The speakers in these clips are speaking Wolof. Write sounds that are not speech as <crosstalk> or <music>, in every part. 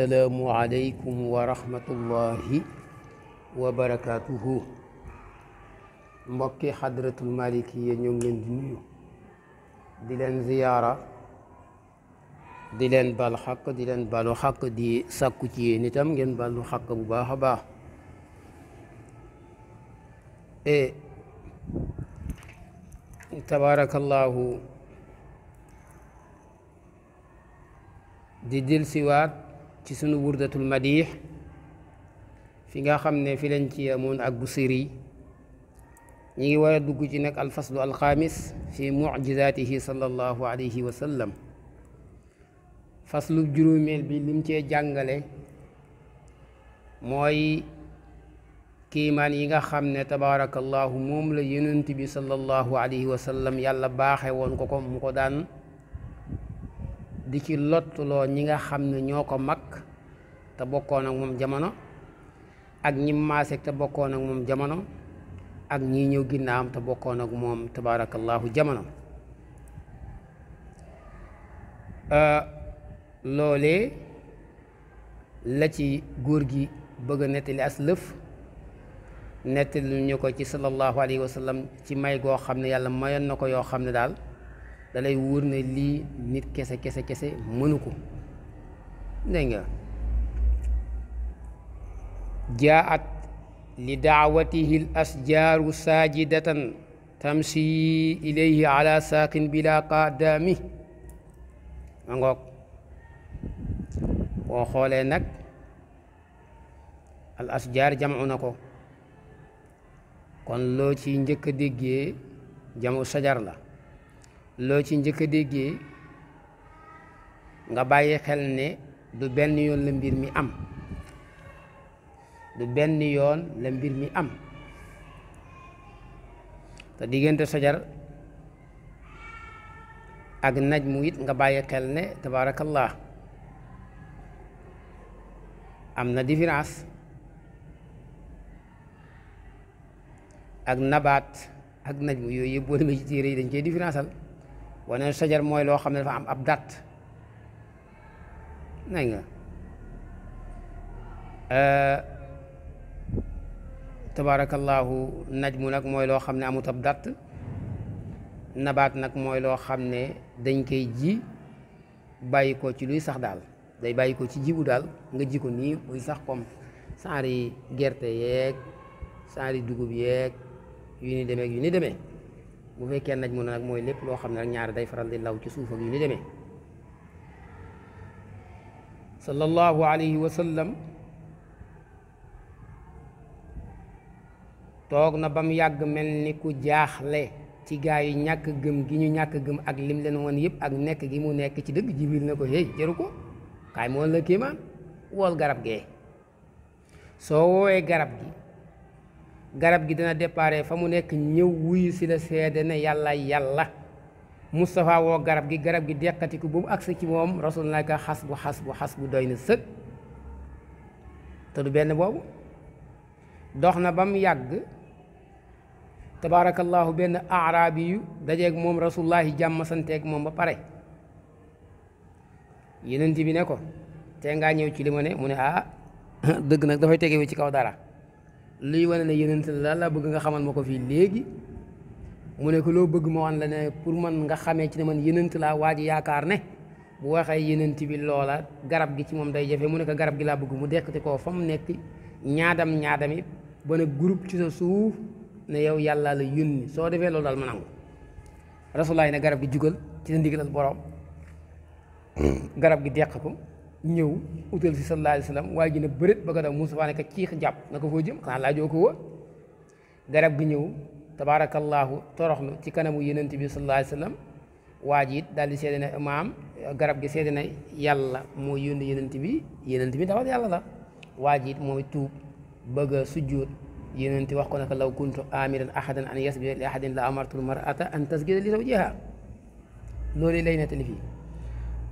assalaamu aleykum wa rahmatullahi wa barakaatuhu mbokki xadratul malikiya ñoo ngi leen di nuyu di ziyaara di leen bal xaq di balu xaq di sàkku ci yéen itam ngeen balu xaq bu baax a baax e di dil siwaat ci sunu burdatul madiix fi nga xam ne fi lañ ci amoon ak Busiri ñi ngi war dugg ci nag alfaslu alxaamis fi mucjizaatihi sallallahu alayhi wa sallam faslu juróomeel bi lim cee jàngale mooy kiimaan yi nga xam ne tabaarakallahu moom la yonent bi sallallahu alayhi wa sallam yàlla baaxe woon ko ko mu ko di ci lottuloo ñi nga xam ne ñoo ko mag te bokkoon ak moom jamono ak ñi maaseeg te bokkoon ak moom jamono ak ñi ñëw ginnaawam te bokkoon ak moom tabaarakallaahu jamono euh, loole la ci góor gi bëgg a nettali as lëf nettali ñu ko ci sallallahu alayhi wa sallam ci may goo xam ne yàlla mayoon na ko yoo xam ne daal dalay wóor lii nit kese kese kese mënu ko dégg nga jaat li daawatihi l asjaaru saajidatan tamsi ilayhi ala bila qaadaami ma ngoog boo xoolee nag al asjaar jamu ko kon loo ci njëkk a déggee jamu sajar la loo ci njëkk a déggee nga bàyyi xel ne du benn yoon la mbir mi am du benn yoon la mbir mi am te diggante sajar ak naj mu it nga bàyyi xel ne tabaarakallah am na différence ak nabaat ak naj mu yooyu yëpp boo demee ci téere yi dañ koy différenceal wane sajar mooy loo xam ne dafa am ab date nañ nga eh, tabaarakallaahu najmu nag mooy loo xam ne amut ab date nabaat nag mooy loo xam ne dañ koy ji bàyyi ko ci luy sax daal day bàyyi ko ci jibu daal nga ji ko nii muy sax comme saari gerte yeeg saari dugub yeeg yu ni demee yu ni demee bu fekkee naj mu ne nag mooy lépp loo xam ne rek ñaari day faral di law ci suuf ak lu ni demee sallallahu alayhi toog na ba mu yàgg mel ni ku jaaxle ci gaa yi ñàkk gëm gi ñu ñàkk gëm ak lim leen woon yëpp ak nekk gi mu nekk ci dëgg jibril na ko hey jëru ko kaay moon la kéemaan wool garab gee soo woowee garab gi garab gi dina déparé fa mu nekk ñëw wuyu si la seede ne yàlla yàlla Moustapha woo garab gi garab gi deqatiku bu mu agsi ci moom rasulullah ka xas bu xas bu doy na sëg te du benn boobu dox na ba mu yàgg tabaarakallaahu benn aaraabi yu dajeeg moom rasulullahi jàmm santeeg moom ba pare yenent bi ne ko te ngaa ñëw ci li ne mu ne ah <laughs> dëgg nag dafay tegewu ci kaw dara luy wane ne yeneen la daal laa bëgg nga xamal ma ko fii léegi mu nekk loo bëgg ma wan la ne pour man nga xamee ci ne man yeneen laa waa ji yaakaar ne bu waxee yeneen bi loola garab gi ci moom day jafe mu ne ko garab gi laa bëgg mu dekkati koo fa mu nekk ñaadam ñaadami ba ne groupe ci sa suuf ne yow yàlla la yónni soo defee loolu daal ma nangu rasulaay ne garab gi jugal ci sa ndigalal borom hmm. garab gi deq ko ñëw utal si sallallahu alayhi wa sallam waaye ji ne bërit ba ko daw Mustafaa ne ko ciix jàpp na ko foo jëm xanaa laajoo ko woon garab gi ñëw tabaarakallaahu toroxlu ci kanamu yonent bi sallallahu alayhi wa sallam waa ji it daal di seede ne maam garab gi seede ne yàlla moo yónni yonent bi yonent bi dawal yàlla la waa ji it mooy tuub bëgg a sujjóot yonent wax ko naka law kuntu amiran ahadan an yasjuda li ahadin la amartul mar'ata an tasjuda li zawjiha loolu lay nettali fii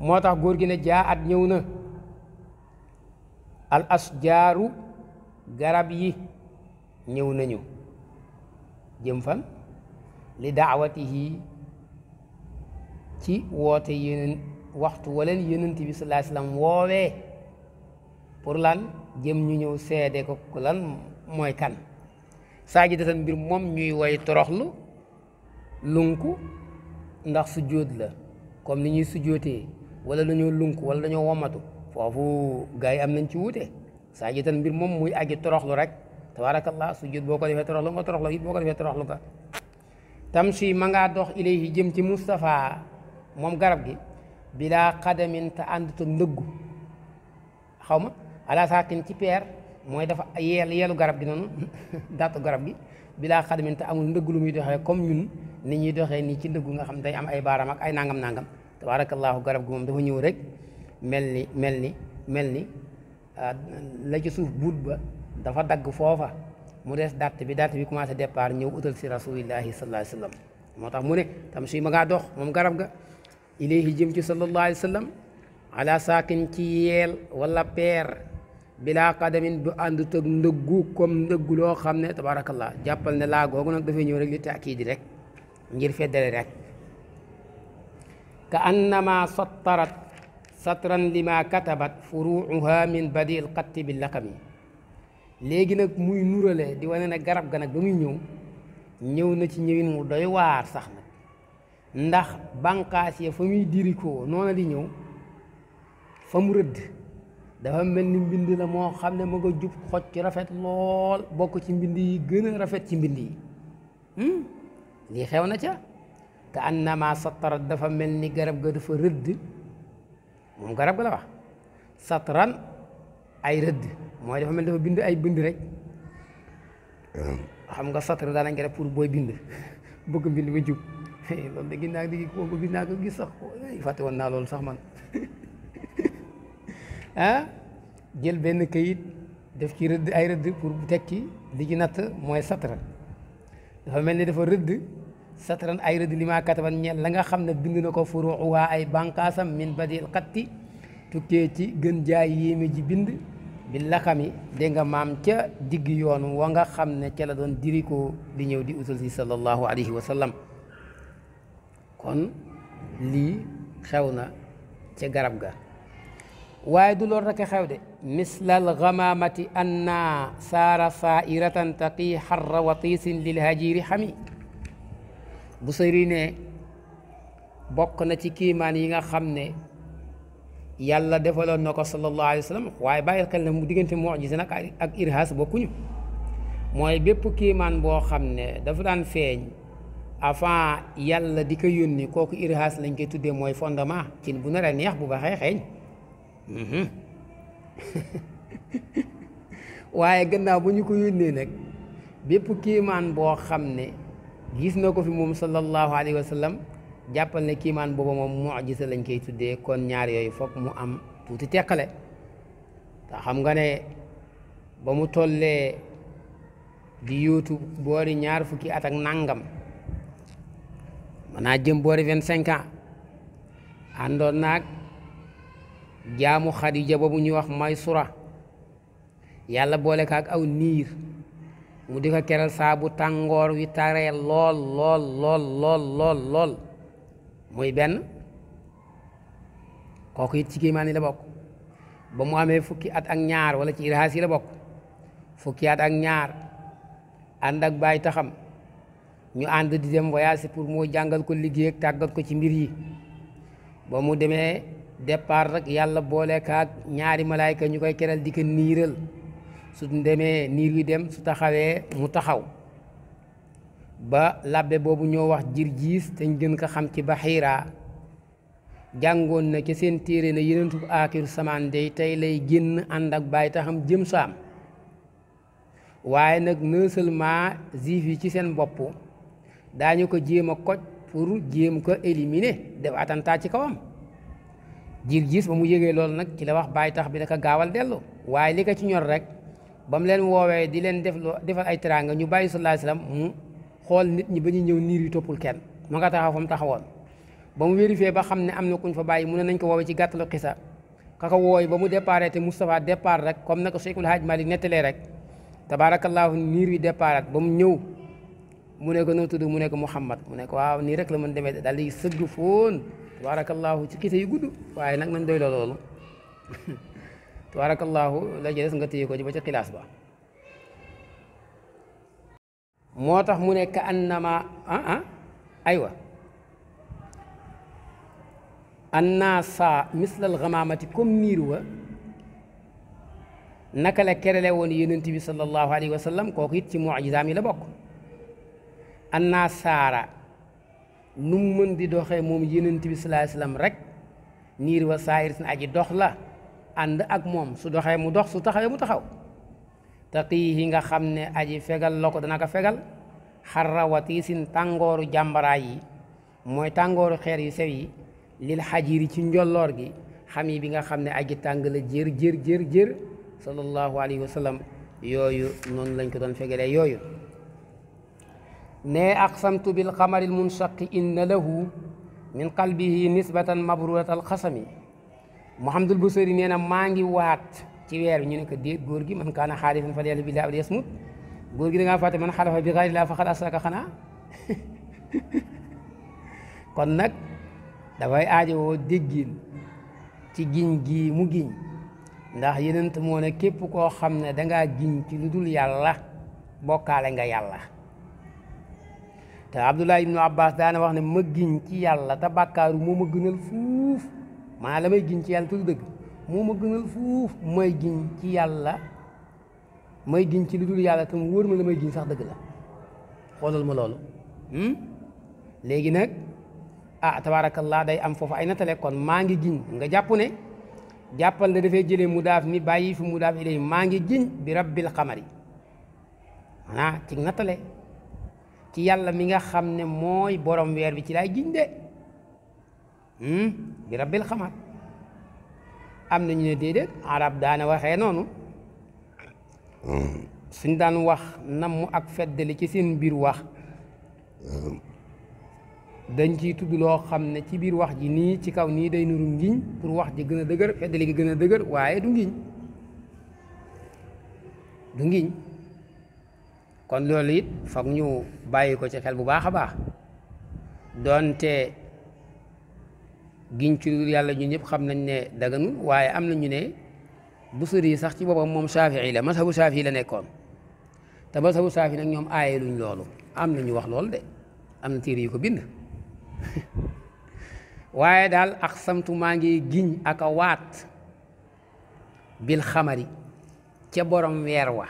moo tax góor gi ne jaa at ñëw na al asjaaru garab yi ñëw nañu jëm fan li daawatihi ci woote yeneen waxtu waleen yonent bi sallallahu woowee pour lan jëm ñu ñëw seede ko lan mooy kan saa ji deseen mbir moom ñuy woy toroxlu lunku ndax sujjóot la comme ni ñuy sujjóotee walla dañoo lunku wala dañoo womatu foofu gars yi am nañ ci wute wuute saajitan mbir moom muy aji toroxlu rek tabaarakallah sujud boo ko defee toroxlu nga toroxlu it boo ko defee toroxlu nga tamshi ma ngaa dox ilayhi jëm ci Moustapha moom garab gi bilaa xadamin te ànd te ndëggu xaw ma ala saakin ci peer mooy dafa yeel yeelu garab gi noonu daatu <laughs> garab gi bilaa xadamin te amul ndëgg lu muy doxee comme ñun ni ñuy doxee nii ci ndëggu nga xam day am ay baaram ay nangam-nangam tabaarakallahu garab gi moom dafa ñëw rek mel ni mel ni mel ni ah, la ci suuf buut ba dafa dagg foofa mu des date bi date bi commencé départ ñëw utal si rasulillahi sallallahu alayhi moo tax mu ne tam suy ma ngaa dox moom garab ga ilayhi jëm ci sallallahu alayhi wa sallam ci yeel wala peer bilaa qadamin du ànd tëg ndëggu comme ndëggu loo xam ne tabarakallah jàppal ne laa googu nag dafay ñëw rek li taakiidi rek ngir feddale rek ka annama sottarat satran lima katabat furuuha min badi l xatti bi laqami léegi nag muy nurale di wane na garab ga nag ba muy ñëw ñëw na ci ñëwin mu doy waar sax nag ndax bànqaas ya fa muy dirikoo noona di ñëw fa mu rëdd dafa mel ni mbind la moo xam ne ma nga jub xoj rafet lool bokk ci mbind yi gën a rafet ci mbind yi hmm? li xew na ca ka annama satarat dafa mel ni garab ga dafa rëdd moom garab ga la ay rëdd mooy dafa mel dafa bind ay bind rek ah. xam nga satran daanañ ko def pour booy bind bëgg mbind ba jub eh, loolu da gis naa digi ko gis naa ko gis sax fàtte woon naa loolu sax man <laughs> ah jël benn kayit def ci rëdd ay rëdd pour tekki li ci natt mooy satran dafa mel ni rëdd satran ay rëdd lima kataban ñeel la nga xam ne bind na ko furuuha ay bànqaasam min badil xatti tukkee ci gën jaay yéeme ji bind bi laxami dégg nga maam ca digg yoon wa nga xam ne ca la doon dirikoo di ñëw di usul si sallallahu alayhi wa sallam kon lii xew na ca garab ga waaye du loolu rek xew de mislal gamaamati anna saara saairatan taqi xarra watiisin lil hajiiri xami Busayri ne bokk na ci kiimaan yi nga xam ne yàlla defaloon na ko sallallahu alayhi waaye bàyyi xel ne mu diggante mucjisa nag ak irhaas bokkuñu mooy bépp kiimaan boo xam ne dafa daan feeñ avant yàlla di ko yónni kooku irhaas lañ koy tuddee mooy fondement cin bu nar a neex bu baxee xeeñ mhm. <laughs> waaye gannaaw bu ñu ko yónnee nag bépp kiimaan boo xam ne gis na ko fi moom sallallahu alayhi wa sallam jàppal ne kiimaan booba moom mujisa lañ koy tuddee kon ñaar yooyu foog mu am tuuti teqale te nga ne ba mu tollee di yóotu boori ñaar fukki at ak nangam manaa jëm boori vingt cinq ans àndoon naag jaamu Xadija ba bu ñuy wax may Maysura yàlla boole ka aw niir mu di ko keral saabu tàngoor wi taree lool lool lool lool lool muy benn kooku it ci kéemaan yi la bokk ba mu amee fukki at ak ñaar wala ci iraas yi la bokk fukki at ak ñaar ànd ak bàyyi taxam ñu ànd di dem voyage pour mu jàngal ko liggéey ak ko ci mbir yi ba mu demee départ rek yàlla boole kaak ñaari malaayka ñu koy keral di ko niiral su demee niir wi dem su taxawee mu taxaw ba labbe boobu ñoo wax jirjiis te ñu gën ko xam ci baxiira jàngoon na ci seen téere na yenentu aakiru samaan day tey lay génn ànd ak bàyyi taxam jëm saam waaye nag non seulement juif yi ci seen bopp daañu ko jéem a koj pour jéem ko éliminer def attentat ci kawam jirjiis ba mu yëgee loolu nag ci la wax bàyyi tax bi naka gaawal dellu waaye li ko ci ñor rek ba mu leen woowee di leen def defal ay teraanga ñu bàyyi sallallahu alayhi wasallam mu xool nit ñi ba ñu ñëw niir yu toppul kenn ma nga taxaw fa mu taxawoon ba mu vérifié ba xam ne am na kuñ fa bàyyi mu ne nañ ko woowee ci gàttalu xisa ka ko wooy ba mu départ te Moustapha départ rek comme na ko Cheikhul Hadj Malick nettalee rek tabaarakallaahu niir yu départ ba mu ñëw mu nekk ko noo tudd mu nekk ko Mouhamad mu ne ko waaw nii rek la mën demee daal di sëgg foon tabaarakallaahu ci xisa yu gudd waaye nag nañ doy la <laughs> tabaarakallaahu la des nga téye ko ci ba ca xilaas ba moo tax mu ne ka annama ah ah aywa annaasa mislal xamaamati comme niir wa naka la kerele woon yonent bi sallallahu alayhi wa sallam kooku it ci mucjisaam yi la bokk annaa saara nu mu mën di doxee moom yonent bi sallallahu alayhi wa sallam rek niir wa saayir sin aji dox la ànd ak moom su doxee mu dox su taxawee mu taxaw te taqiihi nga xam ne aji fegal la ko dana ko fegal xarra watiisin tàngooru jàmbaraay yi mooy tàngooru xeer yu sew yi lil yi ci njolloor gi xam yi bi nga xam ne aji tàng la jër jër jër jër sallallahu alayhi yooyu noonu lañ ko doon fegalee yooyu ne aqsamtu bil xamari lmunshaqi inna lahu min qalbihi nisbatan mabrurat yi Muhammadul Busiri nee na maa ngi waat ci weer bi ñu ne ko déet góor gi man kaana xaalifan falyahlib billaahi aw liyasmut góor gi da ngaa man xalafa bi xayrillaahi faqad asraka xanaa <laughs> kon nag dafay aajowoo déggin ci giñ gi mu giñ ndax yenent moo ne képp koo xam ne danga giñ ci lu dul yàlla bokkaale nga yàlla te Abdullah ibnu Abbas daana wax ne ma ci yàlla te bàkkaaru moo ma fuuf maa la may giñ ci yàlla tudd dëgg moo ma gënal fuuf may giñ ci yàlla may giñ ci lu dul yàlla te mu wóor ma la may giñ sax dëgg la xoolal ma loolu hmm? léegi nag ah tabaarakallaa day am foofu ay natale kon maa ngi giñ nga jàpp ne jàppal ne dafay jëlee mu daaf mi bàyyi fu mu daaf ilay maa ngi giñ bi rabbil xamari maanaam ci nattale ci yàlla mi nga xam ne mooy borom weer bi ci laay giñ de hmm? bi rabbil xamar am na ñu ne déedéet arab daana waxee noonu suñ daan wax namm ak fedd li ci seen biir wax dañ ciy tudd loo xam ne ci biir wax ji nii ci kaw nii day nuru ngiñ pour wax ji gën a dëgër li gi gën a dëgër waaye du ngiñ du ngiñ kon loolu it foog ñu bàyyi ko ci xel bu baax a baax doonte giñ ci lu yàlla ñun ñëpp xam nañ ne daganul waaye am na ñu ne Busiri sax ci boppam moom Shaafi'i la mazhabu Shaafi'i la nekkoon te mazhabu Shaafi'i nag ñoom aaye luñ loolu am na ñu wax loolu de am na téere yu ko bind <laughs> waaye daal ak samtu maa ngi giñ ak a waat bil xamari ca borom weer wa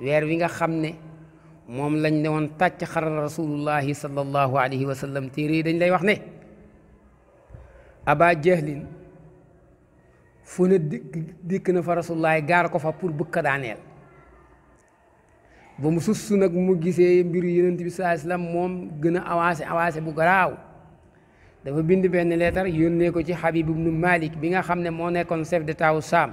weer wi nga xam ne moom lañ ne woon tàcc xar rasulullahi sallallahu alayhi wa sallam téere yi dañ lay wax ne aba jahlin fu ne dikk na fa rasulullaay gaar ko fa pour bëgg ko daaneel ba mu sus nag mu gisee mbiru yonent bi sallallahu alayhi moom gën a avancé avancé bu garaaw dafa bind benn leetar yónnee ko ci Habib ibnu Malik bi nga xam ne moo nekkoon chef de wu Saam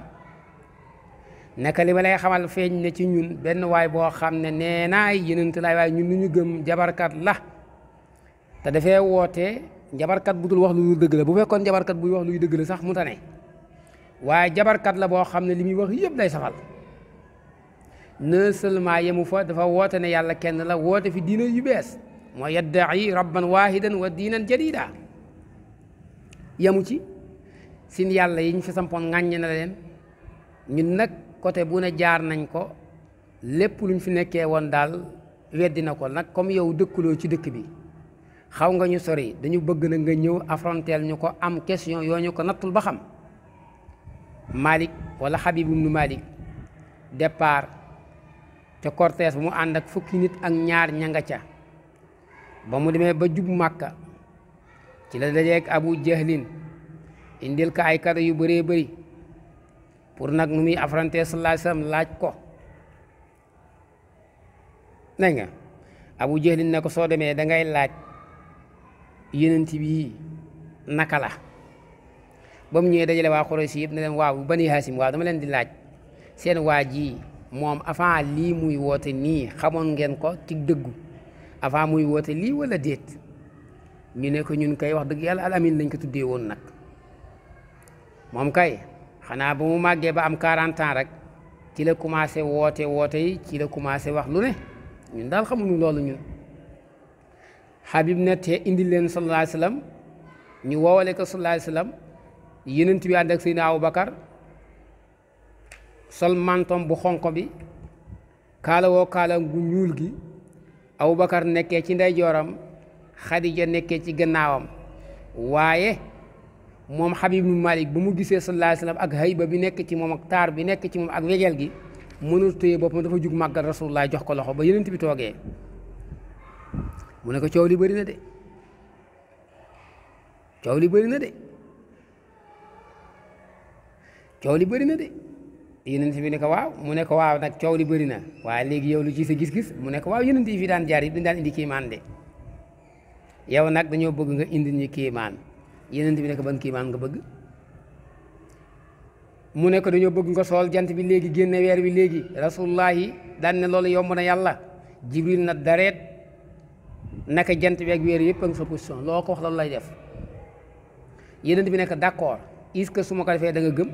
naka li ma lay xamal feeñ ne ci ñun benn waay boo xam ne nee naay yonent laay waaye ñun lu ñu gëm jabarkat la te dafee woote njabarkat bu dul wax lu dëgg la bu fekkoon jabarkat buy wax luy dëgg la sax mu tane waaye jabarkat la boo xam ne li muy wax yëpp lay safal non seulement yemu fa dafa woote ne yàlla kenn la woote fi diina yu bees moo yaddaci rabban waahidan wa diinan jadida yemu ci sin yàlla yiñ ñu fi sampoon ŋàññe na leen ñun nag côté bu ne jaar nañ ko lépp luñ fi nekkee woon daal weddi na ko nag comme yow dëkkuloo ci dëkk bi xaw nga ñu sori dañu bëgg na nga ñëw affronteel ñu ko am question yoo ñu ko nattul ba xam Malik wala Habib ibnu Malik départ te cortège mu ànd ak fukki nit ak ñaar ñanga ca ba mu demee ba jub Màkka ci la dajeek Abu Jahlin indil ko ay kado yu bëree bëri pour nag nu muy affronter sallallahu alayhi laaj ko dégg nga Abu Jahlin na ko soo demee dangay laaj yenent bi naka la ba mu ñëwee dajale waa Quraysh yëpp ne leen waaw bani Haasim waaw dama leen di laaj seen waa ji moom avant lii muy woote nii xamoon ngeen ko ci dëggu avant muy woote lii wala déet ñu ne ko ñun kay wax dëgg yàlla al amin lañ ko tuddee woon nag moom kay xanaa ba mu màggee ba am 40 ans rek ci la commencé woote woote ci la commencé wax lu ne ñun daal xamuñu loolu ñun Habib ne te indi leen sallallahu alayhi ñu woowale ko sallallahu alayhi wa sallam yenent bi ànd ak Seydina Aboubacar sol mantom bu xonq bi kaala woo kaala gu ñuul gi Aboubacar nekkee ci ndeyjooram Khadija nekkee ci gannaawam waaye moom Habib ibn Malik ba mu gisee sallallahu alayhi wa sallam ak hayba bi nekk ci moom ak taar bi nekk ci moom ak wegel gi mënul téye boppam dafa jug màggal rasulullah jox ko loxo ba yenent bi toogee mu ne ko coow li bëri na de coow li bëri na de coow li bëri na de yeneen bi ko waaw mu ne ko waaw nag coow li bëri na waaye léegi yow lu ci sa gis-gis mu ne ko waaw yeneen yi fi daan jaar yi dañu indi kiimaan de yow nag dañoo bëgg nga indi ñu kiimaan yeneen bi ne ko ban kiimaan nga bëgg mu ne ko dañoo bëgg nga sool jant bi léegi génne weer bi léegi rasulullahi daan ne loolu yomb na yàlla jibril na dareet naka jant bi ak weer yëpp ak sa position loo ko wax loolu lay def yeneen bi nekk d'accord est-ce que su ma ko defee da gëm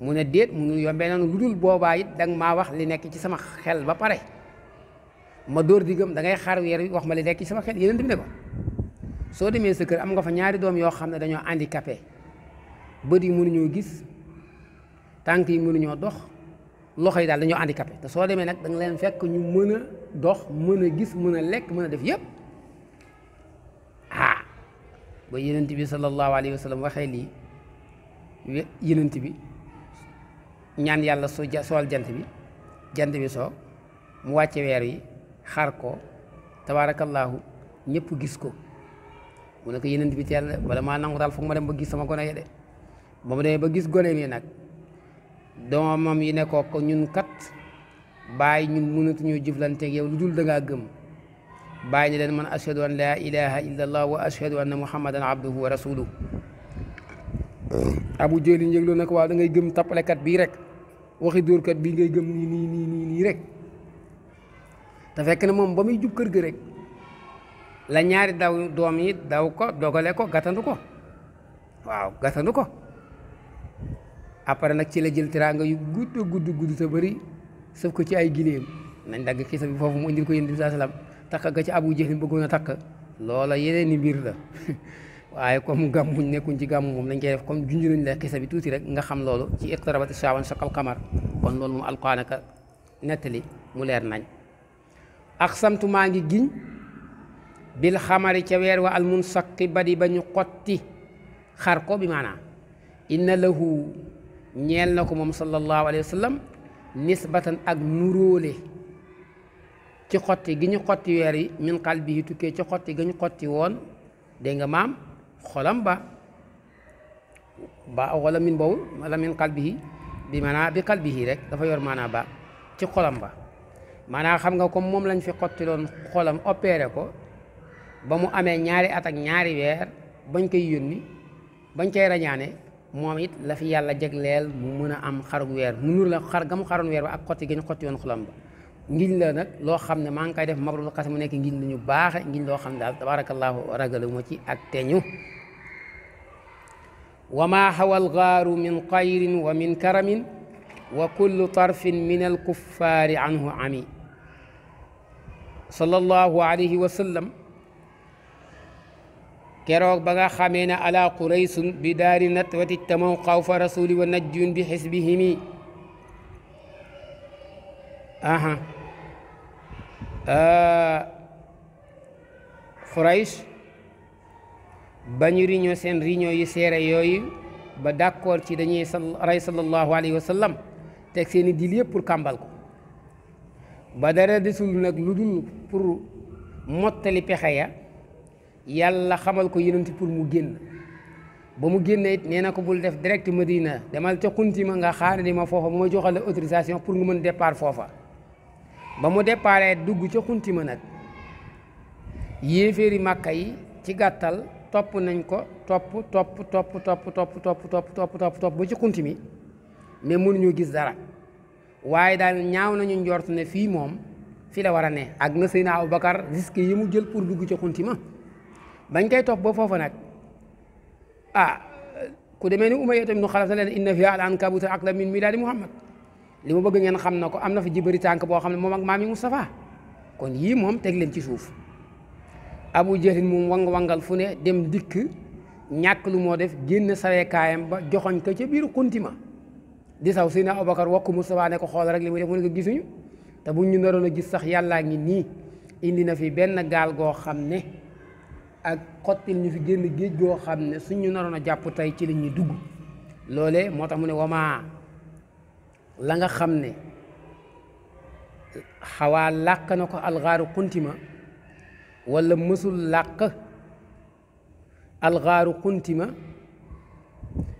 mu ne déet mu ngi yombee noonu lu dul boobaa it da maa wax li nekk ci sama xel ba pare ma dóor di gëm dangay xaar weer wi wax ma li nekk ci sama xel yeneen bi ne soo demee sa kër am nga fa ñaari doom yoo xam ne dañoo handicapé bët yi mënuñoo gis tànk yi mënuñoo dox. loxo yi daal dañoo handicapé te soo demee nag da leen fekk ñu mën a dox mën a gis mën a lekk mën a def yëpp ah ba yenent bi sallallahu alayhi wa sallam waxee lii bi ñaan yàlla su sool jant bi jant bi soo mu wàcce weer yi xar ko tabaarakallaahu ñëpp gis ko mu ne ko yenent bi teel bala maa nangu daal foog ma dem ba gis sama gone yi de ba mu demee ba gis gone mi nag doomam yi ne ko ñun kat bàyyi ñun mënatuñoo jëflanteeg yow lu dul dangaa gëm bàyyi ni leen man ashhadu an laa ilaha illa allah wa ashhadu anna muhammadan abduhu wa rasuluhu abu jëlin yëgloo na ko waaw da ngay gëm tappalekat bii rek waxi dóorkat bii ngay gëm nii nii nii nii nii rek te fekk na moom ba muy jub kër ga rek la ñaari daw doom yi daw ko dogale ko gàttandu ko waaw gàttandu ko après nag ci la jël teraanga yu gudd gudd gudd bari bëri sëf ko ci ay gileem nañ dagg xisa bi foofu mu indil ko yonent bi saa salaam takk ga ci Abu Jahl bëggoon a takk loola yeneen i mbir la <laughs> waaye comme gàmmuñ nekkuñ ci gàmmu moom lañ koy def comme junj nañ la xisa tuuti rek nga xam loolu ci iqtarabati shaaban shaqal qamar kon loolu moom alqaanaka nettali mu leer nañ ak maa ngi giñ bil xamari ca weer wa almunsaqi badi ba ñu xotti xar ko bi maanaam inna lahu ñeel na ko moom sallallahu alayhi wa sallam nisbatan ak nuróole ci xotti gi ñu xotti weer yi min qalbi tukkee ci xotti gi ñu xotti woon dégg nga maam xolam ba ba wala min boobu wala min qalbi yi bi maanaa bi qalbi yi rek dafa yor maanaa ba ci xolam ba maanaa xam nga comme moom lañ fi xotti loon xolam opeere ko ba mu amee ñaari at ñaari weer bañ koy yónni bañ koy rañaane moom it la fi yàlla jagleel mu mën a am xarug weer mu nur la xar ga mu xaroon weer ba ak xotti gi ñu xotti woon xolam la nag loo xam ne maa ngi koy def mabrul xas mu nekk ngiñ la ñu baaxe loo xam ne daal tabaarakallaahu ragaluma ci ak teñu wa maa xawal gaaru min xayrin wa min karamin wa kullu tarfin min al anhu ami sallallahu alayhi wa sallam keroog ba nga xamee ne ala quraysun bi daari natwati tamaw xaw fa rasuli wa najjun bi xisbihimi aha Quraysh ba ñu riño seen riñoo yu seere yooyu ba d'accord ci dañuy rey sallallahu alayhi wa sallam teg seeni dil yëpp pour kàmbal ko ba dara desul nag lu dul pour mottali pexe ya yàlla xamal ko yonent pour mu génn ba mu génne it nee na ko bul def direct diina demal ca xunti ma nga xaar di ma foofa ba ma joxal autorisation pour nga mën départ foofa ba mu départee dugg ca xunti ma nag yéeféeri màkka yi ci gàttal topp nañ ko topp topp topp topp topp topp topp topp topp topp ba ci xunti mi mais mënuñu gis dara waaye daal ñaaw nañu njort ne fii moom fi la war a ne ak na Seydina Abubakar risque yi mu jël pour dugg ca xunti bañ koy topp ba foofa nag ah ku demee ni Umayya tamit nu xalaf na leen inna fiha al ankabuta akla min milaadi Muhammad li mu bëgg ngeen xam na ko am na fa jibari tànk boo xam ne moom ak maami Moustapha kon yii moom teg leen ci suuf Abu Jahlin moom wang-wangal fu ne dem dikk ñàkk lu moo def génn sawee ba joxoñ ko ca biir kuntima di saw Seydina Abubakar wakku Moustapha ne ko xool rek li mu def mu te buñ ñu naroon a gis sax yàllaa ngi nii indi na fi benn gaal goo xam ne ak xottil ñu fi génn géej goo xam ne suñ ñu naroon a jàpp tey ci la ñuy dugg loole moo tax mu ne womaa la nga xam ne xawaa làkk na ko alxaaru xuntima wala mësul làkk alxaaru xuntima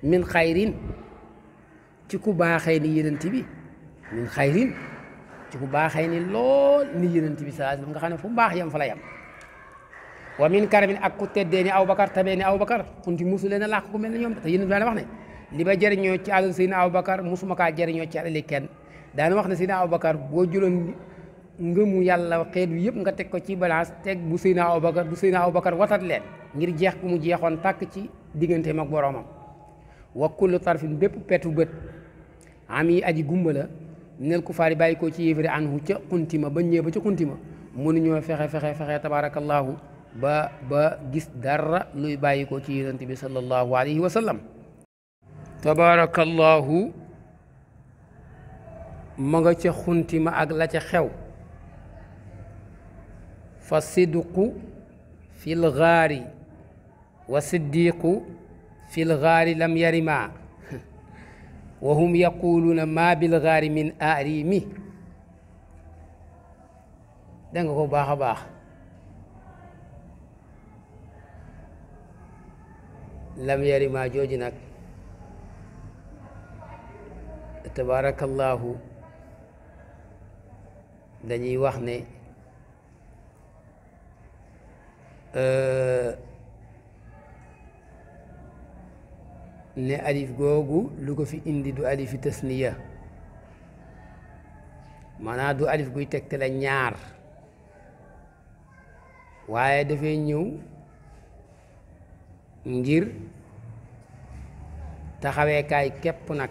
min xayrin ci ku baaxee ni yënant bi min xayrin ci ku baaxee ni lool ni yënant bi saa nga xam ne fu baax yam fa la yam waa min karamin ak ku teddee ni Aboubacar tabee ni Aboubacar kunti musu leen a làq ku mel ne ñoom te yéen daana wax ne li ma jariñoo ci alal Seydina Aboubacar musuma kaa jëriñoo ci alali kenn daana wax ne Seydina Aboubacar boo jëloon ngëmu yàlla xeet yëpp nga teg ko ci balaas teg bu Seydina du bu Seydina Aboubacar watat leen ngir jeex ku mu jeexoon tàkk ci digganteem ak boroomam wa kullu tarfin bépp petu bët am yi aji gumba la nel ku faari bàyyi ko ci yéefari anhu ca xuntima ba ñëw ba ca xuntima mënuñoo fexe fexe fexe tabaarakallaahu ba ba gis dara luy bàyyi ko ci yonent bi sallallahu alayhi sallam tabarakallahu ma nga ca xunti ma ak la ca xew fa sidqu fi lgaari wa siddiqu fi lgaari lam yarima <laughs> wa hum yaquluuna ma bilgaari min arimi da nga ko baax a baax lam yarima jooju nag tabaarakallaahu dañuy wax ne euh, ne alif googu lu fi indi du alifi tasniya maanaam du alif guy tegtale ñaar waaye dafay ñëw ngir taxaweekaay képp nag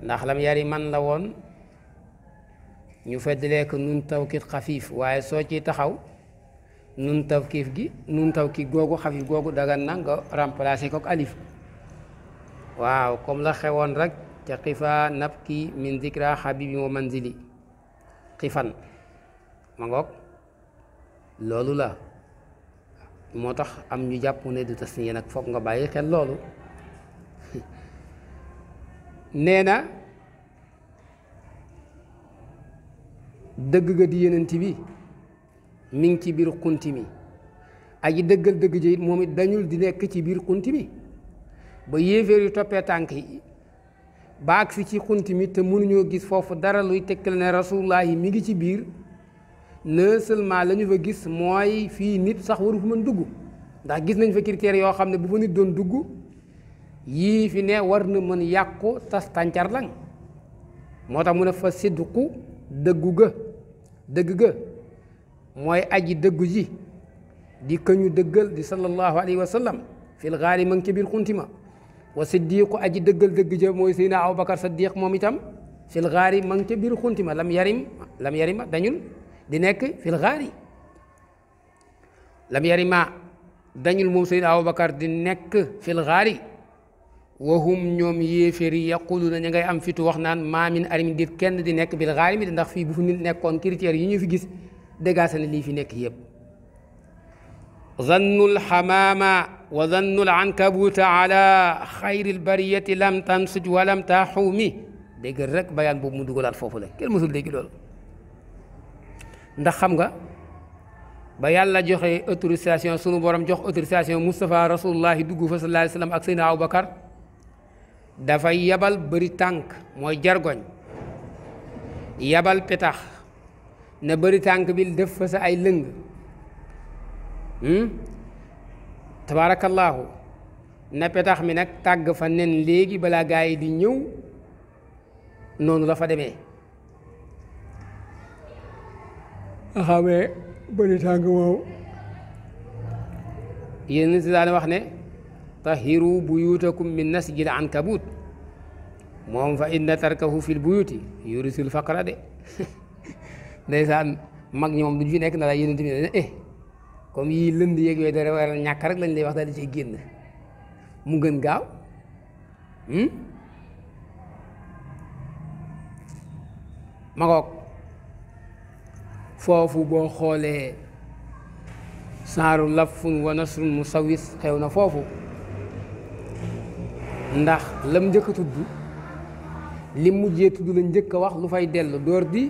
ndax lam yari man la woon ñu feddilee ko nun tawkiit xafiif waaye soo ci taxaw nun kiif gi nun tawkiit googu xafiif googu dagan na nga remplacer ko ak alif waaw comme la xewoon rek ca xifa nabki min zikra xabibi wa manzili xifan ma ngoog loolu la moo tax am ñu jàpp ne du tas nii nag foog nga bàyyi xel loolu nee na dëgg ga di yenent bi mi ngi ci biir xunti mi aji dëggal dëgg ji moom it dañul di nekk ci biir xunti mi ba yéeféer yu toppee tànk yi ba agsi ci xunti mi te mënuñoo gis foofu dara luy tekkal ne rasulullahi mi ngi ci biir non seulement lañu fa gis mooy fii nit sax waru fa mën dugg ndax gis nañ fa critères yoo xam ne bu fa nit doon dugg yii fi ne war na mën yàqu tas tàncar lang moo tax mu ne fa sidqu dëggu ga dëgg ga mooy aji dëggu ji di këñu dëggal di sallallahu alayhi wa sallam fil gaari ma ngi ci biir xunti ma wa siddiqu aji dëggal dëgg ja mooy Seydina Abubakar Saddiq moom itam fil gaari ma ngi ci biir xunti ma lam yarim lam yarima dañul di nekk fil xaari lam yarima dañul moom sayid abubakar di nekk fil xaari wahum ñoom yéeféri yaquluna ña ngay am fitu wax naan maa min arimin dit kenn di nekk bil xaari mi ndax fii bu fi nit nekkoon critères yi ñu fi gis dégaase na lii fi nekk yëpp zannul xamaama wa zannul ankabuta ala xayril bariyati lam tansuj walam taxuumi dégg rek bayaan boobu mu dugalaat foofu la kenn mësul dégg loolu ndax xam nga ba yàlla joxe autorisation sunu borom jox autorisation Moustapha rasulullahi dugg fa sallallahu alayhi wasallam ak Seydina Aboubacar dafay yabal bëri tànk mooy jargoñ yabal petax na bëri tànk bi def fa sa ay lëng hmm? tabaarakallaahu na petax mi nag tàgg fa nen léegi balaa gaa yi di ñëw noonu la fa demee axaamee bëri tàng moomu yéen si daana wax ne tahiru buyutakum min nasjil ankabut moom fa inna tarkahu fil buyuti yurisul faqra de <laughs> ndeysaan mag ñi moom duñ fi nekk na la yéen tamit ne eh comme yii lënd yeeg yooyu dara waral ñàkk rek lañ lay wax daal di ci génn mu gën gaaw hmm? magoog foofu boo xoolee saaru lafun wa nasrun musawis xew na foofu ndax lam njëkk a tudd li mujjee tudd la njëkk a wax lu fay dellu door di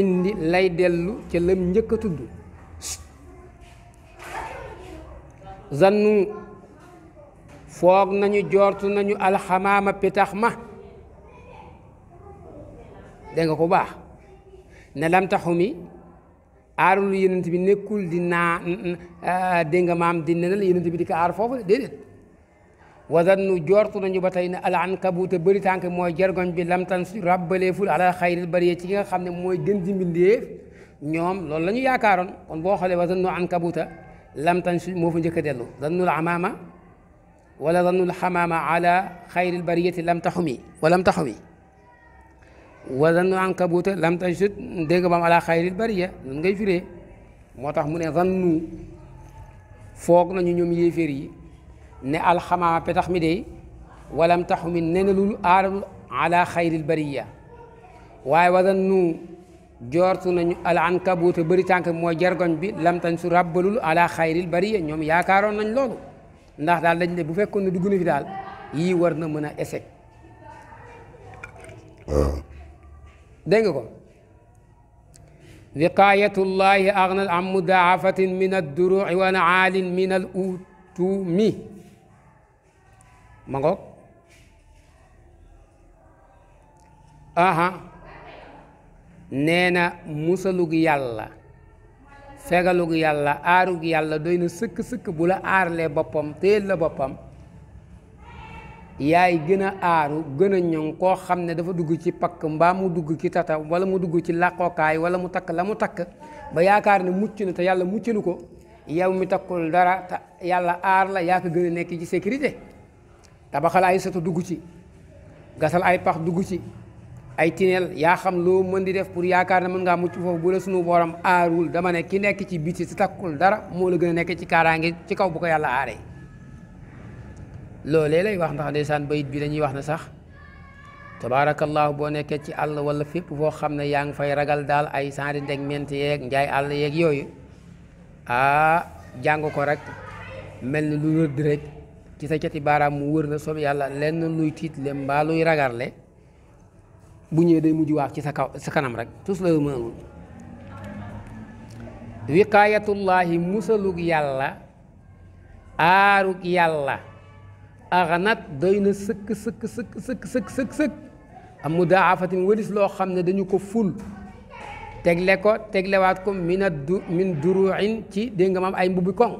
indi lay dellu ca lam njëkk a tudd zannu foog nañu joortu nañu alxamaama pitax ma dégg nga ko baax ne lam taxumi aarul yonent bi nekkul di naa ah, dégg nga maam di nenal yonent bi di ko aar foofu déedéet wadannu joortu nañu ba tey ala an ankabuuta bari tànk mooy jargoñ bi lam tan rabbaleeful ala xayril bariyee ci nga xam ne mooy gën di mbindeef ñoom loolu la ñu yaakaaroon kon boo xoolee wadannu ankabuuta lam tan moo fa njëkk a dellu zannul amaama wala zannul xamaama ala xayril bariyati lam taxumi wa lam taxumi wazannu ankabuuta lam tajsud dégg baam ala xayril bariya noonu ngay firee moo tax mu ne zannu foog nañu ñoom yéeféer yi ne alxamaa petax mi de walam taxu mi nenelul aadamul ala xayril bariya waaye wazannu joortu nañu al ankabuuta bari tànk mooy jargoñ bi lam tañ su rabbalul ala xayril bariya ñoom yaakaaroon nañ loolu ndax daal dañ ne bu fekkoon ne dugg fi daal yii war na mën a échec dégg nga ko wiqaayatullahi agna an mudaafatin min adduruci wa naalin min al utumi ma ngoog aha nee na musalug yàlla fegalug yàlla aarug yàlla doy na sëkk-sëkk bu la aarlee boppam téel la boppam yaay gën a aaru gën a ñoŋ koo xam ne dafa dugg ci pakk mbaam mu dugg ci tata wala mu dugg ci làqokaay wala mu takk la mu takk ba yaakaar ne mucc na te yàlla muccalu ko yow mi takkul dara te yàlla aar la yaa ko gën a nekk ci sécurité tabaxal ay soto dugg ci gasal ay pax dugg ci ay tineel yaa xam loo mën di def pour yaakaar ne mën ngaa mucc foofu bu la sunu borom aarul dama ne ki nekk ci biti te takkul dara moo la gën a nekk ci kaaraange ci kaw bu ko yàlla aaree. loolee lay wax ndax ndeysaan bayit bi dañuy wax na sax tabaarakallaahu boo nekkee ci àll wala fépp foo xam ne yaa ngi fay ragal daal ay sanri ndeg ment yeeg njaay àll yeeg yooyu aa ah, jàng ko rek mel ni lu rëdd rek ci sa cati baaraam mu wër la sob yàlla lenn luy tiitle mbaa luy ragarle bu ñëwee day mujj waax ci sa kaw sa kanam rek tus la mënul wiqaayatullaahi musalug yàlla aarug yàlla axanat doy na sëkk sëkk sëkk sëkk sëkk sëkk sëkk am mudaafatin walis loo xam ne dañu ko ful tegle ko teglewaat ko min du min duruin ci dégg nga maam ay mbubbi koŋ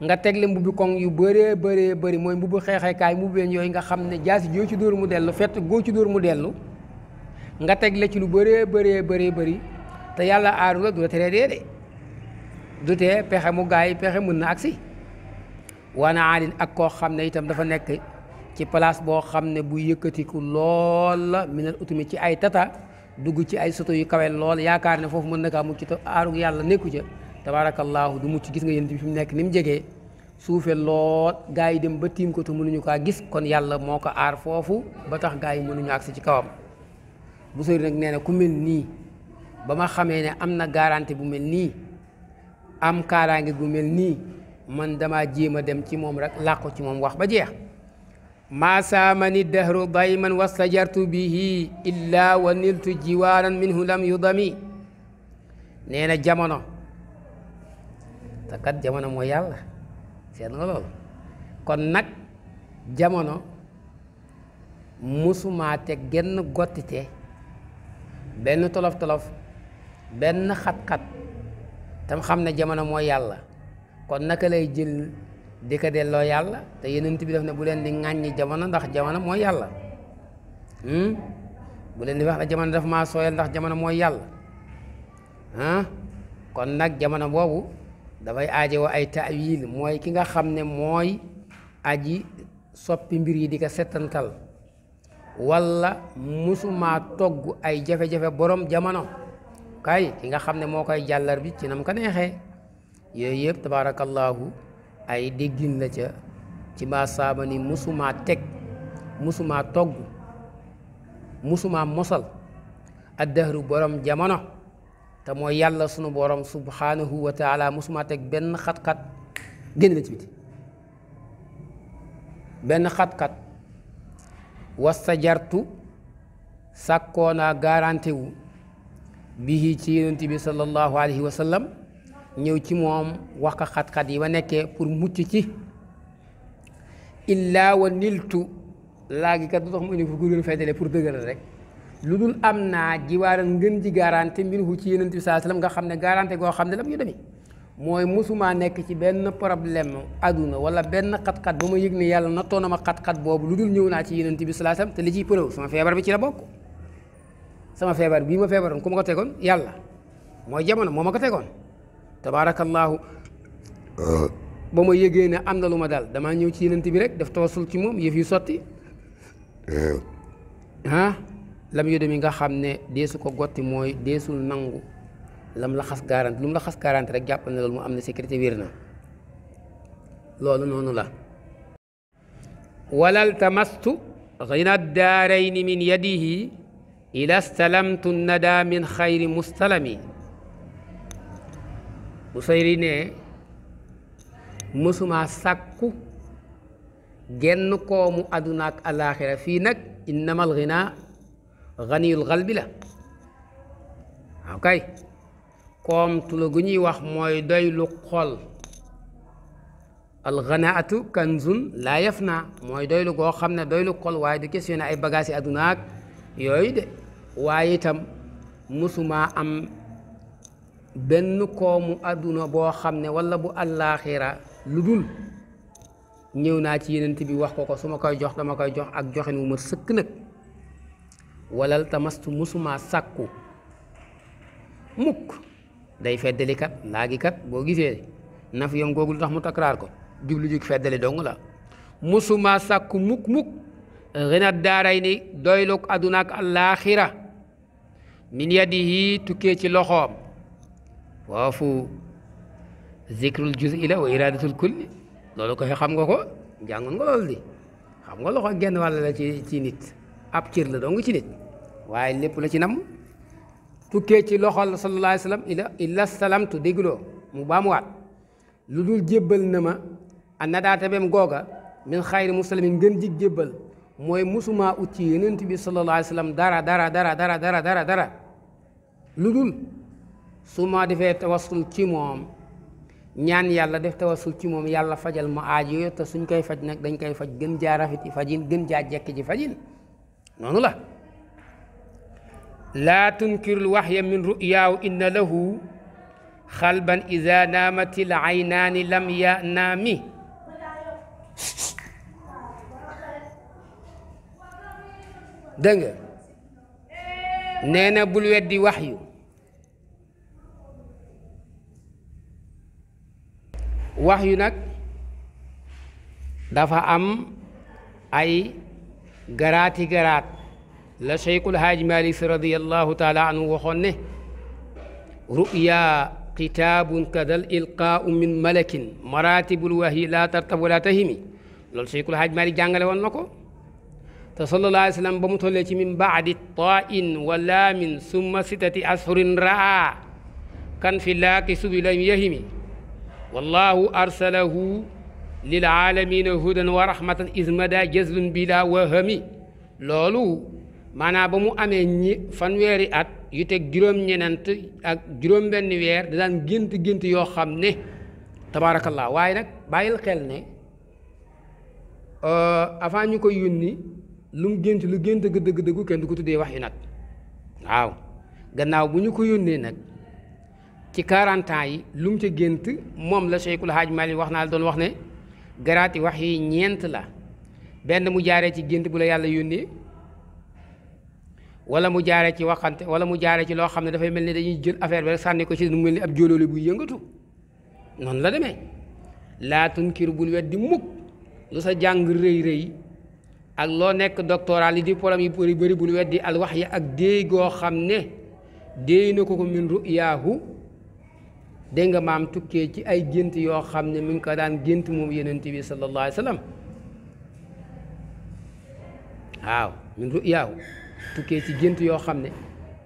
nga tegle mbubbi koŋ yu bëree bëree bëri mooy mbubbu xeexeekaay mbubbeen yooyu nga xam ne jaasi joo ci dóor mu dellu fett goo ci dóor mu dellu nga tegle ci lu bëree bëree bëree bëri te yàlla aaru la du la teree dee de du pexe mu gaa yi pexe mën na agsi wana alin ak koo xam ne itam dafa nekk ci place boo xam ne bu yëkkatiku lool la minal utumi ci ay tata dugg ci ay soto yu kawe lool yaakaar ne foofu mën na kaa mucc te aarug yàlla nekku ca tabaarakallaahu du mucc gis nga yéen bi fi mu nekk ni mu jegee suufe lool gaa yi dem ba tiim ko te mënuñu kaa gis kon yàlla moo ko aar foofu ba tax gaa yi mënuñu si ci kawam bu sori nag nee na ku mel nii ba ma xamee ne am na garanti bu mel nii am kaaraange gu mel nii man dama jéem a dem ci moom rek làqu ci moom wax ba jeex ma saamani dahru dayman wastajartu bihi illa wa niltu jiwaanan minhu lam yudami nee na jamono te kat jamono moo yàlla seet kon nag jamono musumaa teg genn gottite benn tolof-tolof benn xat-xat tam xam na jamono mooy yàlla kon naka lay jël di ko delloo yàlla te yenent bi daf ne bu leen di ŋàññi jamono ndax jamono mooy yàlla hmm? bu leen di wax ne jamono daf maa sooyal ndax jamono mooy yàlla ah kon nag jamono boobu dafay aajowoo ay taawil mooy ki nga xam ne mooy aji soppi mbir yi di ko settantal wala musumaa togg ay jafe-jafe borom jamono kay ki nga xam ne moo koy jàllar bi ci nam ko neexee yooyu yëpp tabaarakallaahu ay déggin la ca ci maa saaba ni musumaa teg musumaa togg musumaa mosal addahru borom jamono te mooy yàlla sunu borom subhanahu wa taala musumaa teg benn xat-xat génn na ci biti benn xat-xat wasta jartu sàkkoonaa garanté wu bihi ci yonent bi sallallahu alayhi wa sallam ñëw ci moom wax ko xat yi ma nekkee pour mucc ci illaa wa niltu laa gi kat du tax mu indi fu gurguru feddale pour dëgëral rek lu dul am naa jiwaaran ngën ji garanti mbir hu ci yenent bi saa sallam nga xam ne garanti goo xam ne lam ñu demee mooy maa nekk ci benn problème aduna wala benn xat-xat ba ma yëg ne yàlla nattoon na ma xat boobu lu dul ñëw naa ci yenent bi saa sallam te li ciy preuve sama feebar bi ci la bok sama feebar bi ma feebaroon ku ma ko tegoon yàlla mooy jamono moo ma ko tegoon tabaarakallaahu ba ma yëgee ne am na lu ma daal damaa ñëw ci yenent bi rek def tawassul ci moom yëf yu sotti ah lam yu dem yi nga xam ne deesu ko gotti mooy deesul nangu lam la xas garanti lu mu la xas garanti rek jàppal na loolu mu am na sécurité wér na loolu noonu la walal tamastu xina daarayni min yadihi ila stalamtu nada min xayri mustalami bu sayri ne mësuma genn koomu àdduna alaaxira fii nag innamal ghina ghaniyul qalbi la koom tula gu ñuy wax mooy doy lu xol alxanaatu kanzun laa yaf mooy doylu goo xam ne doylu xol waaye du ay bagages yi yooyu de waaye itam mësuma am benn koomu àdduna boo xam ne walla bu àllaaxira lu dul ñëw naa ci yenent bi wax ko ko su ma koy jox dama koy jox ak joxin wu ma sëkk nag walal tamastu musuma sàkku mukk day feddali boo gisee naf yam lu tax mu takraar ko jublu jug la musuma sakku mukk mukk xinat daaray ni doyloog àdduna ak àllaaxira min yadihi tukkee ci loxoom waafu zikrul juz'i la wa iradatul kulli loolu ko xam nga ko jàngoon nga loolu di xam nga loxo genn wàll la ci ci nit ab cër la dong ci nit waaye lépp la ci nam tukkee ci loxol sallallahu alayhi wa sallam ila illa salamtu dégloo mu baamuwaat lu dul jébbal na ma a nadaata bem googa min xayri muslimin ngën jig jébbal mooy musuma ut ci yonent bi sallallahu alayhi wa sallam dara dara dara dara dara dara dara lu dul su ma defee tawasul ci moom ñaan yàlla def tawasul ci moom yàlla fajal mo aaj yooyu te suñ koy faj nag dañ koy faj gën jaa rafet ci fajin gën jaa jekk ci fajin noonu la laa tunkirul waxya min ru'yaaw inna lahu xalban ida naamati l aynaani lam ya naami dégg nga nee weddi waxyu wax yu nag dafa am ay garaati garaat la cheikhul haaj malik si radiallahu taala anhu waxoon ne ruya kitaabun kadal ilqaau min malakin maratibul wahyi la tartab wala tahimi loolu cheikhul haaj malik jàngale woon na ko te sallallahu alayhi wa ba mu tollee ci min baadi tain wa laamin summa sitati ashurin raa kan fi laaki subi yahimi wallahu arsalahu lil aalamiina hudan wa rahmatan ismada jazbun bila wahami loolu maanaam ba mu amee ñi fanweeri at yu teg juróom-ñenent ak juróom-benn weer da gént gént yoo xam ne tabaarakallaa waaye nag bàyyil xel ne avant ñu koy yónni lu gént lu gént dëgg dëgg dëggu kenn du ko tuddee wax yu nag waaw gannaaw bu ñu ko yónnee nag ci 40 yi lu ci gént moom la Cheikhul Hadj Mali wax naa la doon wax ne garaati wax yi ñeent la benn mu jaaree ci gént bu la yàlla yónnee wala mu jaaree ci waxante wala mu jaaree ci loo xam ne dafay mel ni dañuy jël affaire bi rek sànni ko ci nu mel ni ab jóolóole buy yëngatu noonu la demee laa tunkir bul weddi mukk lu sa jàng rëy rëy ak loo nekk doctoral yi diplôme yi bari bëri bul weddi al wax yi ak déey goo xam ne déey na ko ko min dégg nga maam tukkee ci ay gént yoo xam ne mi ngi ko daan gént moom yonent bi sallallahu alayhi wa sallam waaw min ru'yaahu tukkee ci gént yoo xam ne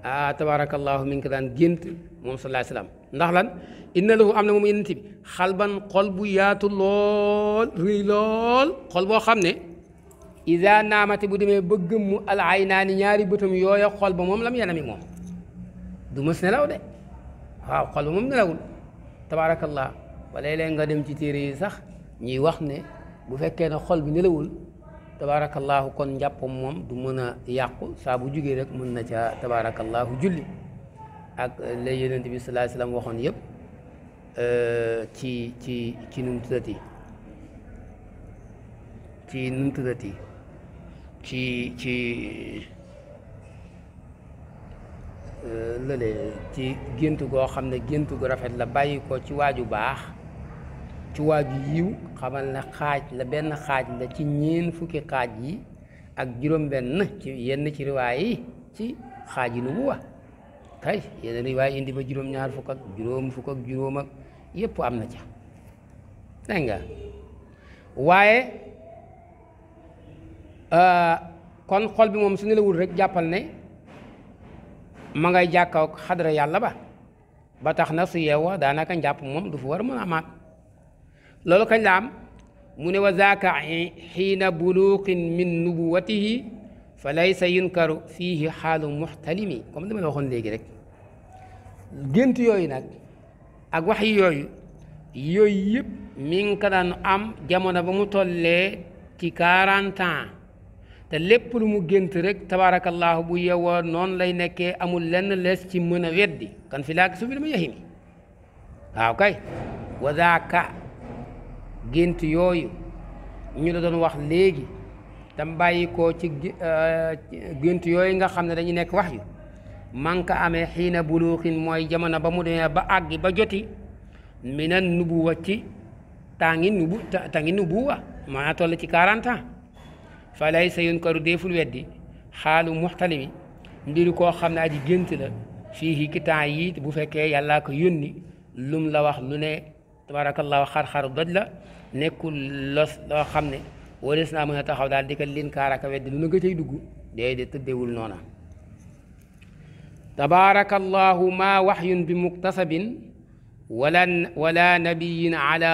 ah tabaarakallaahu mi ngi ko daan gént moom sallallahu alayhi wa sallam ndax lan inna lahu am na moom yonent bi xalban xol bu yaatu lool rëy lool xol boo xam ne iza naamati bu demee ba gëmmu al aynaani ñaari bëtam yooya xol ba moom lam yanami moom du mës nelaw de waaw xol ba moom nelawul tabaarakallah ba léeg nga dem ci téere yi sax ñuy wax ne bu fekkee ne xol bi nelawul tabaarakallahu kon njàppam moom du mën a yàqu saabu bu jugee rek mën na ca tabaarakallahu julli ak la yonent bi sallallahu alayhi waxoon yëpp euh, ci ci ci nu ci nu mu ci ci lële ci gént goo xam ne gént gu rafet la bàyyi ko ci waaju baax ci waaju yiw xamal ne xaaj la benn xaaj la ci ñeen fukki xaaj yi ak juróom-benn ci yenn ci riwaay yi ci xaaj yi nubuwa kay yenn riwaay indi ba juróom-ñaar fukk ak juróom fukk ak juróom ak yépp am na ca dégg nga waaye euh, kon xol bi moom su ne la wul rek jàppal ne ma ngay jàkkaw xadara yàlla ba ba tax na su yeewoo daanaka njàpp moom du war a mën amaat loolu kañ la mu ne wa zaaka xiina buluqin min nubuwatihi fa laysa yunkaru fiihi xaalu muxtalimi comme dama la waxoon léegi rek gént yooyu nag ak wax yooyu yooyu yëpp mi ngi ko am jamono ba mu tollee ci quarante te lépp lu mu gént rek tabaarakallaahu bu yeewoo noonu lay nekkee amul lenn lees ci mën a weddi kan fi laak subil ma yahimi waaw kay wa daaka gént yooyu ñu la doon wax léegi tam bàyyi koo euh, ci gént yooyu nga xam ne dañu nekk wax yu man ka ame xiina buluuxin mooy jamono ba mu demee ba àggi ba joti minan nubuwa ci tàngi nubu tàngi nubuwa maanaam toll ci 40 falay sa yun karu deeful weddi xaalu muxtalimi mbiru koo xam ne aji gént la fii bu fekkee yàllaa ko yónni lum la wax lu ne tabarakallahu xar-xaru doj la nekkul loo xam ne walis naa mën a taxaw daal di ko lin kaaraka weddi lu na nga cay dugg dee de tëddeewul noona tabarakallahu maa waxyun bi muktasabin wala wala nabiyin ala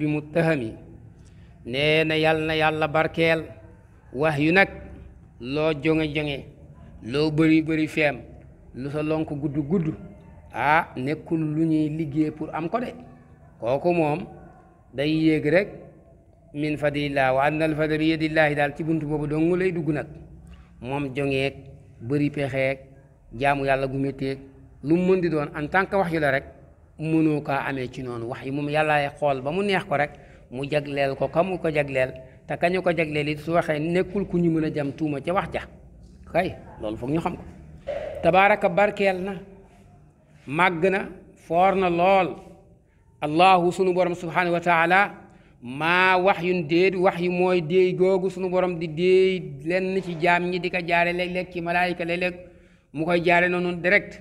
bi muttahami nee na yàll na barkeel wax yu nag loo jonge-jonge loo bëri bëri feem lu sa lonk gudd gudd ah nekkul lu ñuy liggéey pour am ko de kooku moom day yéeg rek min fadlillah waa annal fadla bi yadillaahi daal ci bunt boobu dong lay dugg nag moom jongeeg bëri pexeeg jaamu yàlla gu métteeg lu mu mën di doon en tant que wax yu la rek mënoo kaa amee ci noonu wax yi moom yàllaay xool ba mu neex ko rek mu jagleel ko ka ko jagleel te kañu ko jagleel it su waxee nekkul ku ñu mën a jam tuuma ca wax ja kay loolu foog ñu xam ko tabaaraka barkeel na màgg na foor na lool allahu sunu borom subhanahu wa taala maa wax yun déet wax yu mooy déey googu sunu borom di déey lenn ci jaam ñi di ko jaare léeg-léeg ci malaayika léeg mu koy jaare noonu direct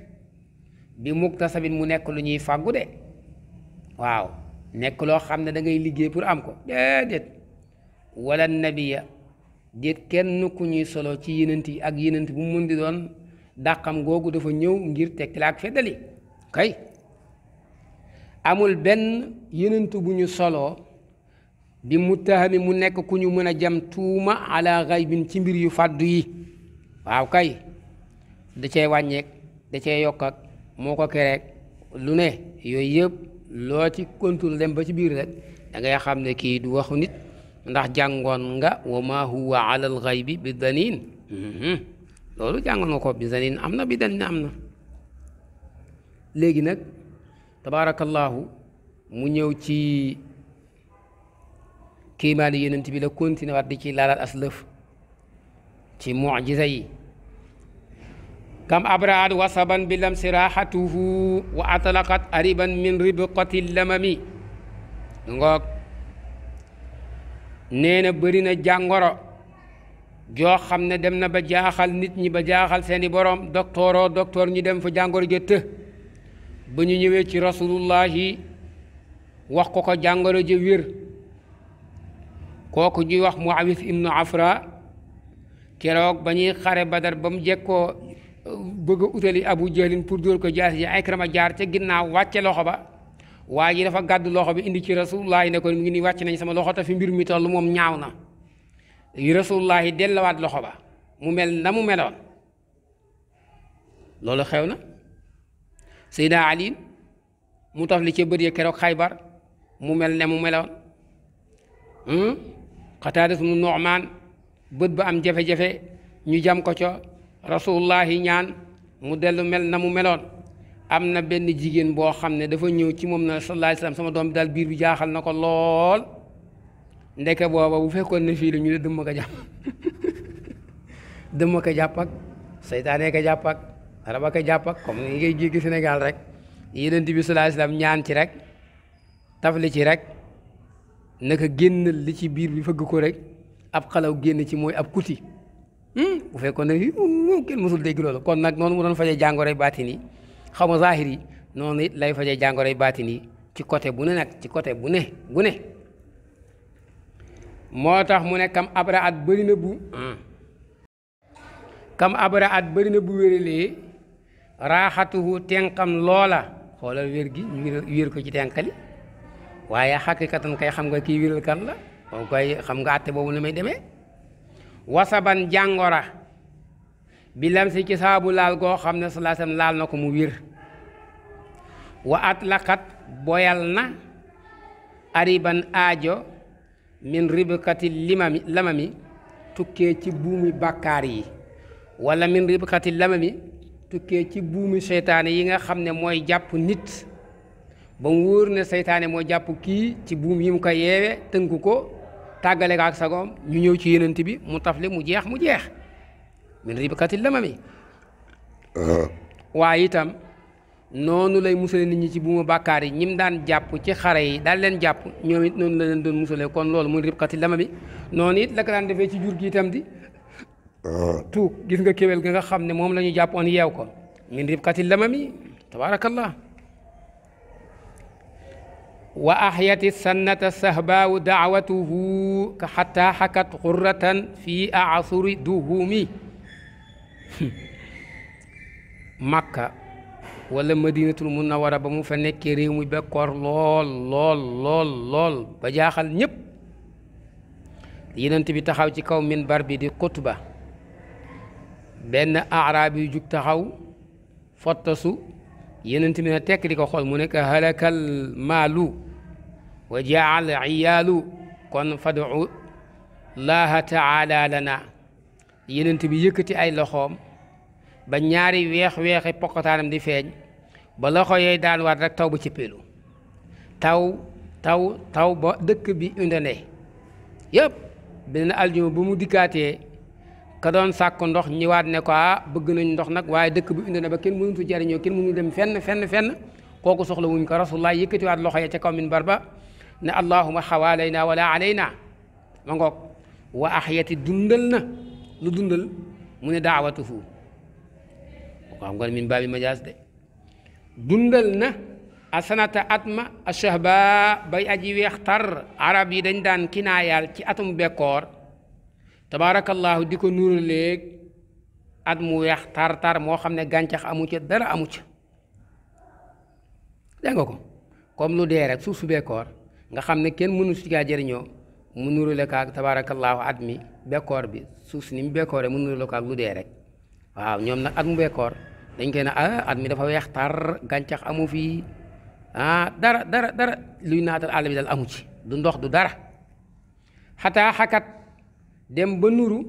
bi muktasabin mu nekk lu ñuy fàggu de waaw nekk loo xam ne dangay liggéey pour am ko déedéet wala nabiya déet kenn ku ñuy solo ci yenant yi ak yenant bu mu mën di doon dàqam googu dafa ñëw ngir tegtale ak feddali kay amul benn yénantu bu ñu soloo bi muttahami mu nekk ku ñu mën a jam tuuma ala gaybin ci mbir yu fàddu yi waaw kay da cee wàññeek da cee yokk ak moo ko kereeg lu ne yooyu yëpp loo ci contour dem ba ci biir rek da xam ne kii du waxu nit ndax jàngoon nga wa ma huwa ala al ghaybi bi mhm. loolu jàngoon ko bi danin am na bi danin nag tabaarakallaahu mu ñëw ci kiimaani yonent bi la continué waat di ci laalaat aslëf ci mucjisa kam abraat wasaban bi lam wa atalaqat ariban min ribqati lamami ngoog nee na bëri na jàngoro joo xam ne dem na ba jaaxal nit ñi ba jaaxal seeni borom doktooroo doktoor ñu dem fa jàngoro ja të ba ñu ñëwee ci rasulullahi wax ko ko jàngoro ja wér kooku ñuy wax mu Muawis ibnu Afra keroog ba ñuy xare Badar ba mu jekkoo bëgg a utali Abu Jahlin pour dóor ko jaas ji Ikrama jaar ca ginnaaw wàcce loxo ba waa ji dafa gàddu loxo bi indi ci rasulullahi ne ko mu ngi ni wàcc nañ sama loxo te fi mbir mi toll moom ñaaw na rasulullahi dellawaat loxo ba mu mel na mu meloon loolu xew na Seydina Ali mu taf li ca bër ya keroog xaybar mu mel ne mu meloon xataada hmm? bët ba am jafe ñu jam ko ca rasulullahi ñaan mu dellu mel na mu meloon am na benn jigéen boo xam ne dafa ñëw ci moom na sallallahu alayhi wasallam sama doom daal biir bi jaaxal na ko lool ndeke booba bu fekkoon ne fii la ñu ne dëmm ko jàpp <laughs> ko jàpp ak seytaane ko jàpp ak raba ko jàpp ak ni ngay jéggi senegal rek yonent bi sallallahu alayhi ñaan ci rek tafli ci rek naka génnal li ci biir bi fëgg ko rek ab xalaw génn ci mooy ab kuti hmm? bu fekkoon na fii moom kenn mësul dégg loolu kon nag noonu mu doon faje jàngoro baatin yi xaw ma zahir yi noonu it lay faje jàngoroy baatin yi ci côté bu ne nag ci côté bu ne bu ne moo tax mu ne kam abra at bëri na bu hmm. kam abra at bëri na bu wéralee raaxatuhu tenqam loola xoolal wér gi wér ko ci tenkali waaye xaqiqatan kay xam nga kii wéral kan la moom koy xam nga àtte boobu na may demee wasaban jàngora bi si ci saabu laal goo xam ne salaasam laal na ko mu wir wa at laqat boyal na ariban aajo min ribkati limami lamami tukkee ci buumi bàkkaar yi wala min ribkati lamami tukkee ci buumu seytaane yi nga xam ne mooy jàpp nit ba mu wóor ne seytaane mooy jàpp kii ci buum yi mu ko yeewe tënku ko tàggale ko ak sagoom ñu ñëw ci yenant bi mu tafli mu jeex mu jeex min ribkatil lamami waaye itam noonu lay musale nit ñi ci buuma bàkkaar yi ñim daan jàpp ci xare yi daal leen jàpp ñoom it noonu la leen kon loolu muy ribkati lama bi noonu it la ko daan defee ci jur gi itam di tuug gis nga kéwél ga nga xam ne moom la ñu jàppoon yeew ko min ribkati lama mi tabaarakallah wa ahyati sannata sahbaawu daawatuhu ka xataa xakat xurratan fii aasuri duhumi màkka hmm. wala madinatul wara ba mu fa nekkee réew mu bekkoor lool lool lool lool ba jaaxal ñépp yenent bi taxaw ci kaw minbar bi di xutba benn aaraab yu jug taxaw fottasu yenent bi ne tekk ko xool mu nekk halakal maalu wa jaal iyaalu kon fadu laaha taala lana yenent bi yëkkati ay loxoom ba ñaari weex weexi poqataanam di feeñ ba loxo yooyu daan war rek taw ba ci pélu taw taw taw ba dëkk bi undane yëpp benn aljuma bu mu dikkaatee ka doon sàkku ndox ñëwaat ne ko ah bëgg nañ ndox nag waaye dëkk bi undane ba kenn mënutu jariñoo kenn mënu dem fenn fenn fenn kooku soxla wuñ ko rasulullah yëkkatiwaat loxo ya ca kaw barba ne allahuma xawaalayna wala alayna ma dundal na lu dundal mu ne daawatuhu waaw ngoon min baabi majaas de dundal na asanata ma ashahba bay aji weex tar arab yi dañ daan kinaayaal ci mu bekkoor tabaarakallaahu di ko nuuraleeg at mu weex tar tar moo xam ne gàncax amu ca dara amu ca dégg nga ko comme lu dee rek suuf su bekkoor nga xam ne kenn mënu si kaa jëriñoo mu nuurale kaag tabaarakallaahu at mi bekkoor bi suuf si ni mu bekkooree mu nuurale kaag lu dee rek waaw ñoom nag at mu bekkoor dañ koy ne ah at mi dafa weex tar gàncax amu fii ah dara dara dara luy naatal àll bi dal amu ci du ndox du dara xataa xakat dem ba nuru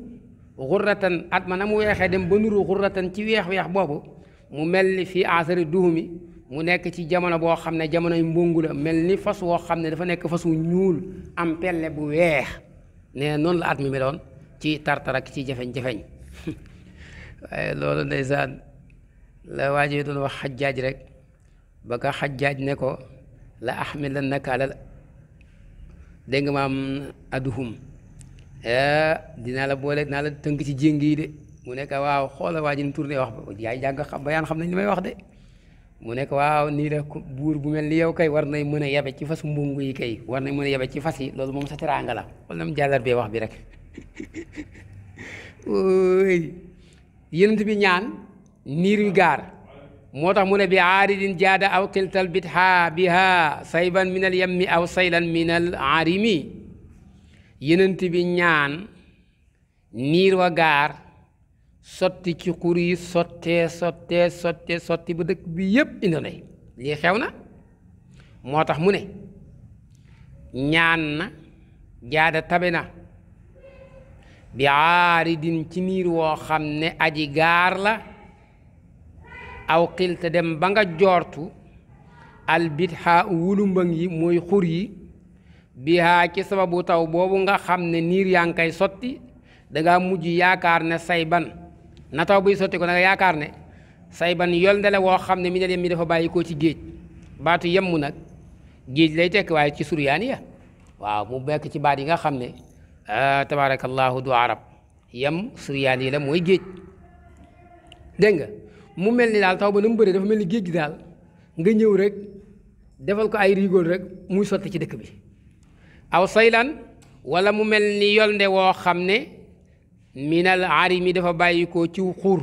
xurratan at ma na mu weexee dem ba nuru xurratan ci weex-weex boobu mu mel ni fii asari duumi mu nekk ci jamono boo xam ne jamono mbungu la mel ni fas woo xam ne dafa nekk fas wu ñuul am pelle bu weex ne noonu la at mi meloon ci tartar ki ci jafeñ-jafeñ <laughs> waaye loolu ndeysaan la waajo doon wax xajjaaj rek ba ko xajjaaj ne ko la ahmilannaka alal dégg nga maam aduhum eh, dinaa la boole dinaa la tënk ci jéng yi de mu nekk waaw xoola waa ji ni tourné wax yaay jàng xam bayaan xam nañ li may wax de mu nekk waaw nii la buur bu mel ni yow kay war nay mën a yabe ci fas mbungu kay war nay mën a yabe ci fas yi loolu moom sa teraanga la wala mu jàllar bee wax bi rek <laughs> yénent bi ñaan niir yu gaar moo tax mu ne bi aaridin jaada aw kiltal bitha biha sayban min al yammi aw saylan min al arimi bi ñaan niir wa gaar sotti ci xur yi sottee sotti ba dëkk bi yépp indi lii xew na moo tax mu ne ñaan na jaada tabe na bi aaridin ci niir woo xam ne aji gaar la aw xil te dem ba nga joortu albit xaa wulumbang yi muy xur yi bihaa ci sababu taw boobu nga xam ne niir yaa ngi koy sotti danga mujj yaakaar ne say ban na taw buy sotti ko danga yaakaar ne say ban yol ndele woo xam ne mi ne dem mi dafa bàyyi koo ci géej baatu yemmu nag géej lay tekk ci suryaani ya waaw mu bekk ci baat yi nga xam ne ah, tabaarakallaahu du arab yem suryaani la mooy géej dégg nga mu mel ni daal taw ba na mu bëree dafa mel ni géej gi daal nga ñëw rek defal ko ay rigol rek muy sotti ci dëkk bi aw saylan walla mu mel ni nde woo xam ne minal ari mi dafa bàyyi ko ci xuur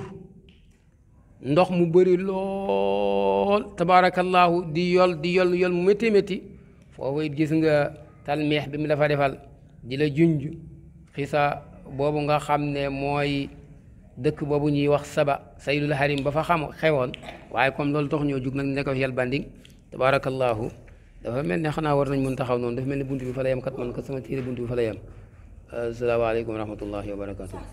ndox mu bëri lool tabaarakallaahu di yol di yol yol mu métti métti foofu it gis nga talmeex bi mu dafa defal di la junj xisa boobu nga xam ne mooy dëkk boobu ñuy wax saba saydul harim ba fa xam xewoon waaye comme loolu tax ñoo jug nag ne ko yàl banding tabaarakallaahu dafa mel ne xanaa war nañ mun taxaw noonu dafa mel ne bunt bi fa la yem kat man kat sama téere bunt bi fa la yem asalaamaaleykum wa rahmatullahi wa